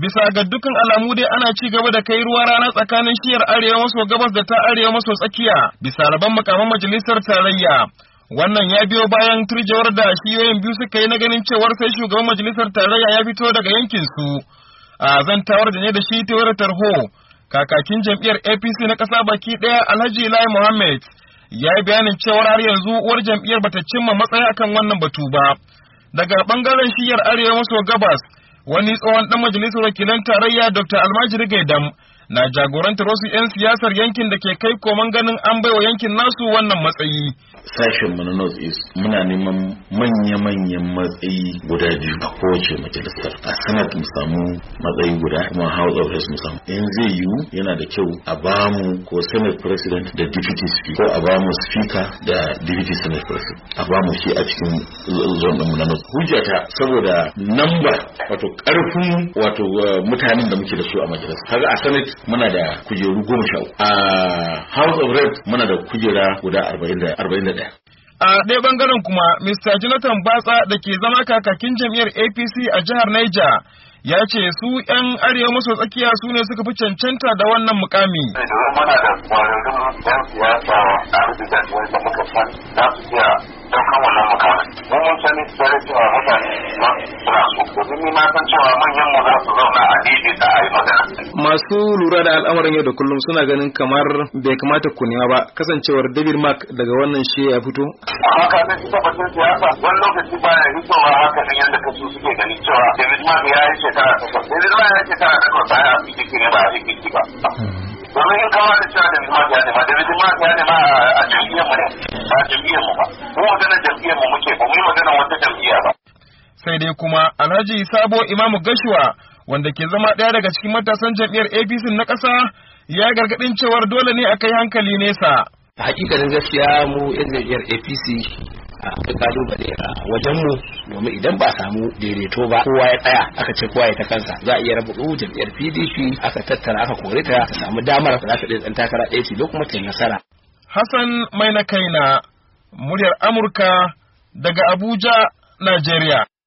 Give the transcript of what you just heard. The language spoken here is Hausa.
Bisa ga dukkan alamu dai ana ci gaba da kai ruwa rana tsakanin shiyar arewa maso gabas da ta arewa maso tsakiya bisa rabon makaman majalisar tarayya. Wannan ya biyo bayan turjewar da shiyoyin biyu suka yi na ganin cewar sai shugaban majalisar tarayya ya fito daga yankin su. A zantawar da ne da shi ta wurin tarho, kakakin jam'iyyar APC na ƙasa baki ɗaya Alhaji Lai Mohammed ya yi bayanin cewar har yanzu uwar jam'iyyar bata cimma matsaya akan wannan batu ba. Daga ɓangaren shiyar arewa maso gabas, wani tsohon dan majalisar wakilan tarayya dr almajiri gaidam na jagorantar wasu 'yan siyasar yankin da ke kai koman ganin an baiwa yankin nasu wannan matsayi. Sashen mu na North East muna neman manya-manyan matsayi guda biyu a kowace majalisar. A Senate mu samu matsayi guda kuma House of Reps mu samu. In zai yiwu yana da kyau a bamu ko Senate President da Deputy Speaker ko a bamu Speaker da Deputy Senate President. A bamu shi a cikin zuwan mu na North. Hujjata saboda number wato karfin wato eh, mutanen da muke da su a majalisar. Kaga a Senate muna da kujeru goma sha uku a house of reps muna da kujera guda arba'in da arba'in ɗaya a ɗaya bangaren kuma mr jonathan batsa da ke zama kakakin jam'iyyar apc a jihar niger ya ce su 'yan arewa maso tsakiya su ne suka fi cancanta da wannan mukami. muna da kwararrun 'yan siyasa a rubutan wanda muka san za su don kama wannan mukamin. Mun sani tsare cewa mutane domin na san cewa manyan mu za su zauna a didi da ayi magana. Masu lura da al'amarin yau da kullum suna ganin kamar bai kamata ku nema ba kasancewar David Mark daga wannan shi ya fito. Amma ka san ita batun siyasa wani lokaci ba ya rikowa haka nan yadda kasu suke gani cewa David Mark ya yi shekara takwas. David Mark ya yi shekara takwas ba ya fi ne ba a fi ba. Domin in kama da cewa David Mark ya nema David Mark ya nema a jam'iyyar mu ne ba a jam'iyyar mu ba. Mu magana jam'iyyar mu muke ba mu yi magana wata sai dai kuma alhaji sabo imamu gashuwa wanda ke zama ɗaya daga cikin matasan jam'iyyar apc na ƙasa ya gargaɗin cewar dole ne a kai hankali nesa hakikanin gaskiya mu yan jam'iyyar apc a kalubale a wajen mu domin idan ba a samu daidaito ba kowa ya tsaya aka ce kowa ya ta kansa za a iya raba ɗu jam'iyyar pdp aka tattara aka kore ta ta samu damar za ta ɗaya takara ɗaya tilo kuma ta nasara hassan mai na kaina muryar amurka daga abuja najeriya